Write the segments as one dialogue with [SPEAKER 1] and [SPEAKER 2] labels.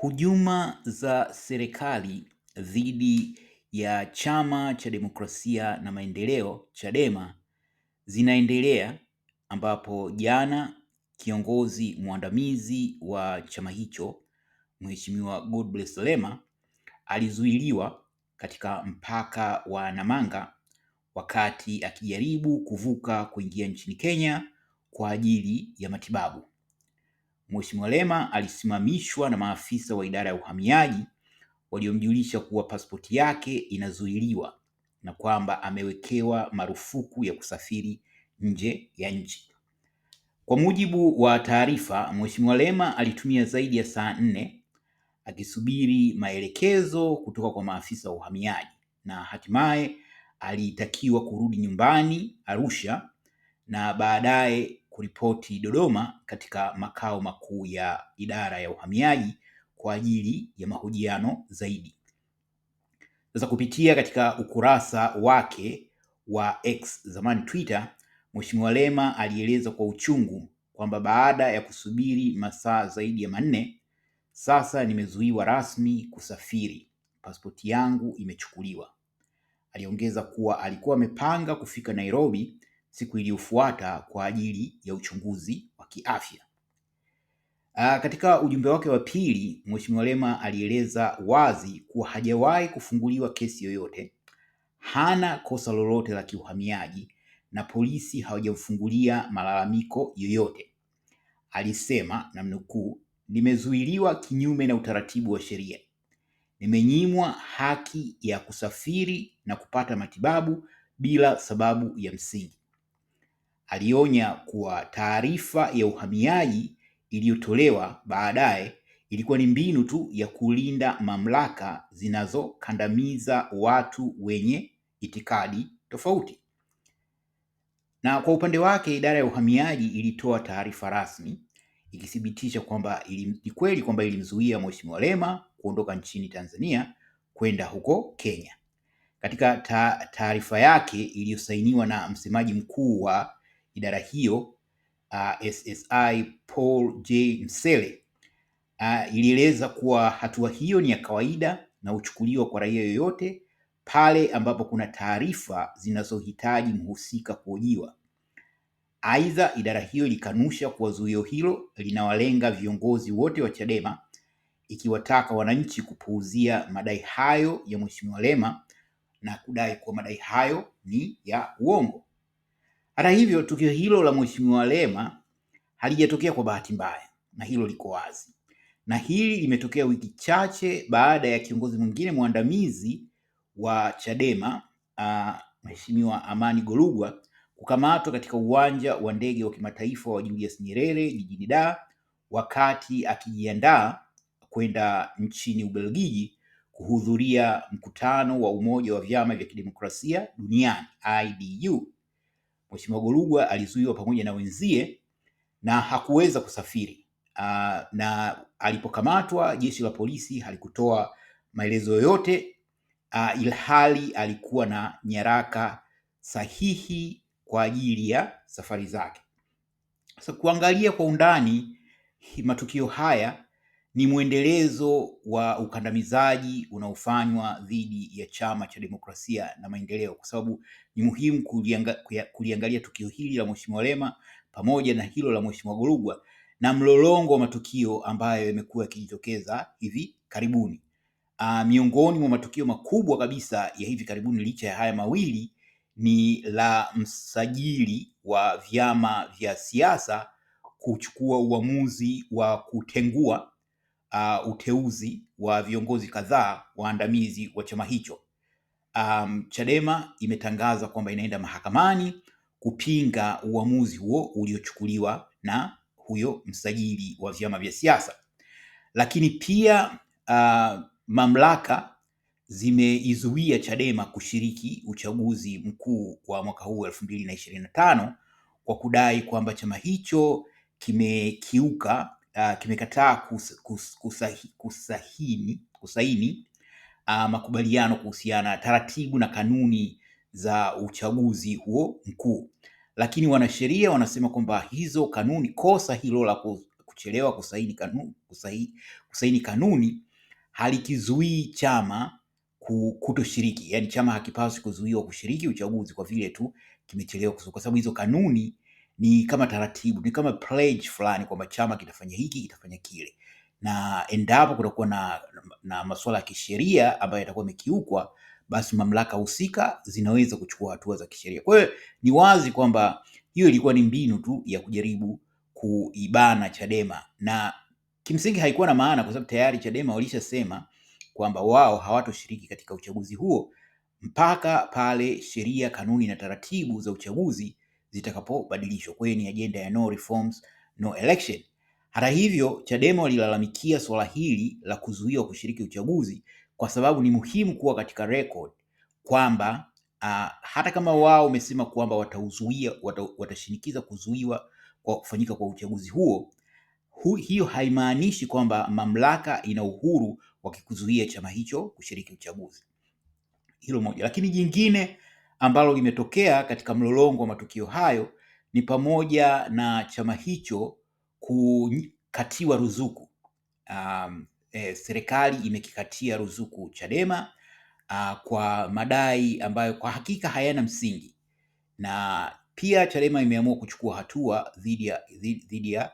[SPEAKER 1] Hujuma za serikali dhidi ya Chama cha Demokrasia na Maendeleo Chadema zinaendelea ambapo jana kiongozi mwandamizi wa chama hicho Mheshimiwa Godbless Lema alizuiliwa katika mpaka wa Namanga wakati akijaribu kuvuka kuingia nchini Kenya kwa ajili ya matibabu. Mheshimiwa Lema alisimamishwa na maafisa wa idara ya uhamiaji waliomjulisha kuwa pasipoti yake inazuiliwa na kwamba amewekewa marufuku ya kusafiri nje ya nchi. Kwa mujibu wa taarifa, Mheshimiwa Lema alitumia zaidi ya saa nne akisubiri maelekezo kutoka kwa maafisa wa uhamiaji na hatimaye alitakiwa kurudi nyumbani Arusha na baadaye kuripoti Dodoma katika makao makuu ya idara ya uhamiaji kwa ajili ya mahojiano zaidi. Sasa kupitia katika ukurasa wake wa X zamani Twitter, Mheshimiwa Lema alieleza kwa uchungu kwamba baada ya kusubiri masaa zaidi ya manne, sasa nimezuiwa rasmi kusafiri, pasipoti yangu imechukuliwa. Aliongeza kuwa alikuwa amepanga kufika Nairobi siku iliyofuata kwa ajili ya uchunguzi wa kiafya. Aa, ah, katika ujumbe wake wa pili, Mheshimiwa Lema alieleza wazi kuwa hajawahi kufunguliwa kesi yoyote, hana kosa lolote la kiuhamiaji na polisi hawajamfungulia malalamiko yoyote. Alisema namnukuu, nimezuiliwa kinyume na utaratibu wa sheria, nimenyimwa haki ya kusafiri na kupata matibabu bila sababu ya msingi alionya kuwa taarifa ya uhamiaji iliyotolewa baadaye ilikuwa ni mbinu tu ya kulinda mamlaka zinazokandamiza watu wenye itikadi tofauti. Na kwa upande wake, idara ya uhamiaji ilitoa taarifa rasmi ikithibitisha kwamba ni kweli kwamba ilimzuia Mheshimiwa Lema kuondoka nchini Tanzania kwenda huko Kenya. Katika taarifa yake iliyosainiwa na msemaji mkuu wa idara hiyo uh, SSI Paul J. Msele uh, ilieleza kuwa hatua hiyo ni ya kawaida na huchukuliwa kwa raia yoyote pale ambapo kuna taarifa zinazohitaji mhusika kuhojiwa. Aidha, idara hiyo ilikanusha kuwa zuio hilo linawalenga viongozi wote wa Chadema ikiwataka wananchi kupuuzia madai hayo ya Mheshimiwa Lema na kudai kuwa madai hayo ni ya uongo. Hata hivyo, tukio hilo la Mheshimiwa Lema halijatokea kwa bahati mbaya, na hilo liko wazi, na hili limetokea wiki chache baada ya kiongozi mwingine mwandamizi wa Chadema uh, Mheshimiwa Amani Golugwa kukamatwa katika uwanja wa ndege wa kimataifa wa Julius Nyerere jijini Dar wakati akijiandaa kwenda nchini Ubelgiji kuhudhuria mkutano wa Umoja wa Vyama vya Kidemokrasia Duniani, IDU. Mheshimiwa Golugwa alizuiwa pamoja na wenzie na hakuweza kusafiri Uh, na alipokamatwa jeshi la polisi halikutoa maelezo yoyote Uh, ilhali alikuwa na nyaraka sahihi kwa ajili ya safari zake. Sasa kuangalia kwa undani matukio haya ni mwendelezo wa ukandamizaji unaofanywa dhidi ya Chama cha Demokrasia na Maendeleo, kwa sababu ni muhimu kulianga, kuliangalia tukio hili la Mheshimiwa Lema pamoja na hilo la Mheshimiwa gorugwa na mlolongo wa matukio ambayo yamekuwa yakijitokeza hivi karibuni. Uh, miongoni mwa matukio makubwa kabisa ya hivi karibuni licha ya haya mawili ni la msajili wa vyama vya siasa kuchukua uamuzi wa kutengua uh, uteuzi wa viongozi kadhaa waandamizi wa chama hicho. Um, Chadema imetangaza kwamba inaenda mahakamani kupinga uamuzi huo uliochukuliwa na huyo msajili wa vyama vya siasa. Lakini pia uh, mamlaka zimeizuia Chadema kushiriki uchaguzi mkuu wa mwaka huu elfu mbili na ishirini na tano kwa kudai kwamba chama hicho kimekiuka uh, kimekataa kus, kus, kusahi, kusahini, kusaini uh, makubaliano kuhusiana taratibu na kanuni za uchaguzi huo mkuu, lakini wanasheria wanasema kwamba hizo kanuni, kosa hilo la kuchelewa kusaini kanuni, kusahi, kusaini kanuni halikizuii chama kutoshiriki, yani chama hakipaswi kuzuiwa kushiriki uchaguzi kwa vile tu kimechelewa, kwa sababu hizo kanuni ni kama taratibu, ni kama pledge fulani kwamba chama kitafanya hiki, kitafanya kile, na endapo kutakuwa na, na masuala ya kisheria ambayo yatakuwa yamekiukwa, basi mamlaka husika zinaweza kuchukua hatua za kisheria. Kwa hiyo ni wazi kwamba hiyo ilikuwa ni mbinu tu ya kujaribu kuibana Chadema na kimsingi haikuwa na maana kwa sababu tayari Chadema walishasema kwamba wao hawatoshiriki katika uchaguzi huo mpaka pale sheria, kanuni na taratibu za uchaguzi zitakapobadilishwa. Kwa hiyo ni ajenda ya no reforms, no election. Hata hivyo, Chadema walilalamikia swala hili la kuzuiwa kushiriki uchaguzi kwa sababu ni muhimu kuwa katika record kwamba uh, hata kama wao wamesema kwamba watauzuia wata, watashinikiza kuzuiwa kwa kufanyika kwa uchaguzi huo hu, hiyo haimaanishi kwamba mamlaka ina uhuru wa kikuzuia chama hicho kushiriki uchaguzi. Hilo moja, lakini jingine ambalo limetokea katika mlolongo wa matukio hayo ni pamoja na chama hicho kukatiwa ruzuku. Um, e, serikali imekikatia ruzuku Chadema uh, kwa madai ambayo kwa hakika hayana msingi, na pia Chadema imeamua kuchukua hatua dhidi ya dhidi ya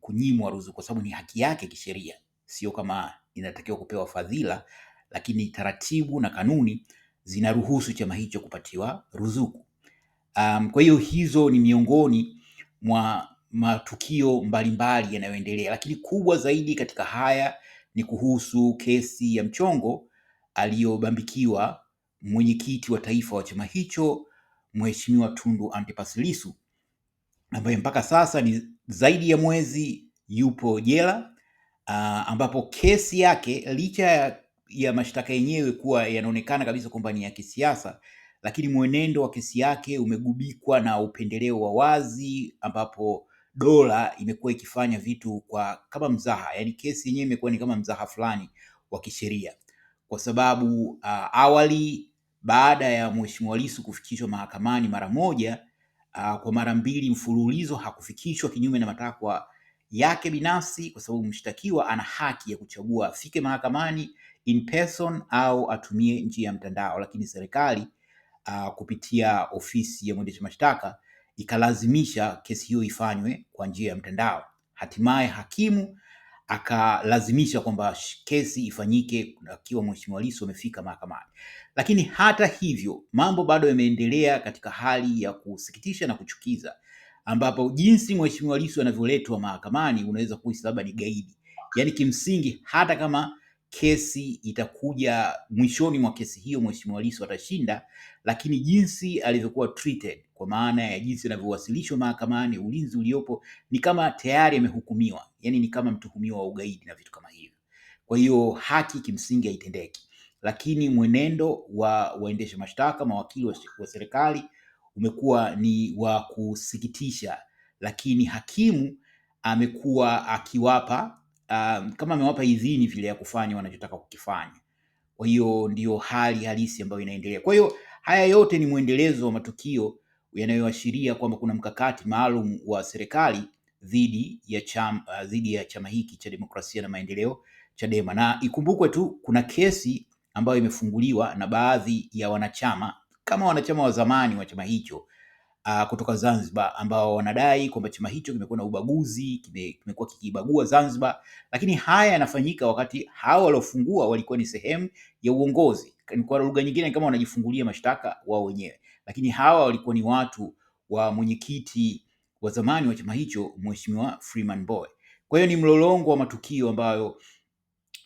[SPEAKER 1] kunyimwa ruzuku, kwa sababu ni haki yake kisheria, sio kama inatakiwa kupewa fadhila, lakini taratibu na kanuni zinaruhusu chama hicho kupatiwa ruzuku. Um, kwa hiyo hizo ni miongoni mwa matukio mbalimbali yanayoendelea, lakini kubwa zaidi katika haya ni kuhusu kesi ya mchongo aliyobambikiwa mwenyekiti wa taifa wa chama hicho Mheshimiwa Tundu Antipas Lissu ambaye mpaka sasa ni zaidi ya mwezi yupo jela, uh, ambapo kesi yake licha ya ya mashtaka yenyewe kuwa yanaonekana kabisa kwamba ni ya kisiasa, lakini mwenendo wa kesi yake umegubikwa na upendeleo wa wazi, ambapo dola imekuwa ikifanya vitu kwa kama mzaha, yani kesi yenyewe imekuwa ni kama mzaha fulani wa kisheria, kwa sababu uh, awali baada ya Mheshimiwa Lissu kufikishwa mahakamani mara moja, uh, kwa mara mbili mfululizo hakufikishwa kinyume na matakwa yake binafsi, kwa sababu mshtakiwa ana haki ya kuchagua afike mahakamani in person au atumie njia ya mtandao, lakini serikali uh, kupitia ofisi ya mwendesha mashtaka ikalazimisha kesi hiyo ifanywe kwa njia ya mtandao. Hatimaye hakimu akalazimisha kwamba kesi ifanyike akiwa Mheshimiwa Lissu amefika mahakamani. Lakini hata hivyo, mambo bado yameendelea katika hali ya kusikitisha na kuchukiza, ambapo jinsi mheshimiwa Lissu anavyoletwa mahakamani unaweza kuhisi labda ni gaidi. Yaani kimsingi hata kama kesi itakuja mwishoni mwa kesi hiyo mheshimiwa Lissu atashinda, lakini jinsi alivyokuwa treated, kwa maana ya jinsi anavyowasilishwa mahakamani, ulinzi uliopo, ni kama tayari amehukumiwa, yaani ni kama mtuhumiwa wa ugaidi na vitu kama hivyo. Kwa hiyo haki kimsingi haitendeki, lakini mwenendo wa waendesha mashtaka, mawakili wa serikali umekuwa ni wa kusikitisha, lakini hakimu amekuwa akiwapa um, kama amewapa idhini vile ya kufanya wanachotaka kukifanya. Kwa hiyo ndiyo hali halisi ambayo inaendelea. Kwa hiyo haya yote ni mwendelezo wa matukio yanayoashiria kwamba kuna mkakati maalum wa serikali dhidi ya chama ah, dhidi ya chama hiki cha demokrasia na maendeleo Chadema, na ikumbukwe tu kuna kesi ambayo imefunguliwa na baadhi ya wanachama kama wanachama wa zamani wa chama hicho uh, kutoka Zanzibar ambao wanadai kwamba chama hicho kimekuwa na ubaguzi, kimekuwa kikibagua Zanzibar, lakini haya yanafanyika wakati hao waliofungua walikuwa ni sehemu ya uongozi. Kwa lugha nyingine, kama wanajifungulia mashtaka wao wenyewe, lakini hawa walikuwa ni watu wa mwenyekiti wa zamani wa chama hicho Mheshimiwa Freeman Mbowe. Kwa hiyo ni mlolongo wa matukio ambayo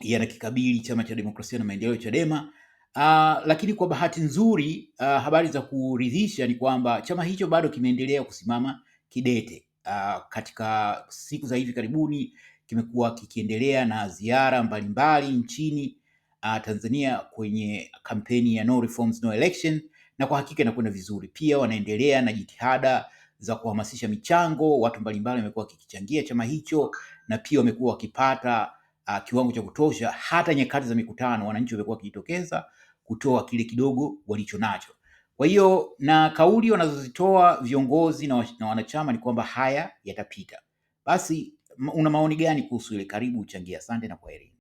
[SPEAKER 1] yanakikabili chama cha demokrasia na maendeleo Chadema Uh, lakini kwa bahati nzuri uh, habari za kuridhisha ni kwamba chama hicho bado kimeendelea kusimama kidete. Uh, katika siku za hivi karibuni kimekuwa kikiendelea na ziara mbalimbali nchini uh, Tanzania kwenye kampeni ya no reforms, no election, na kwa hakika inakwenda vizuri. Pia wanaendelea na jitihada za kuhamasisha michango. Watu mbalimbali wamekuwa kikichangia chama hicho na pia wamekuwa wakipata uh, kiwango cha kutosha. Hata nyakati za mikutano wananchi wamekuwa wakijitokeza kutoa kile kidogo walichonacho. Kwa hiyo na kauli wanazozitoa viongozi na, na wanachama ni kwamba haya yatapita. Basi una maoni gani kuhusu ile? Karibu uchangia. Asante na kwaheri.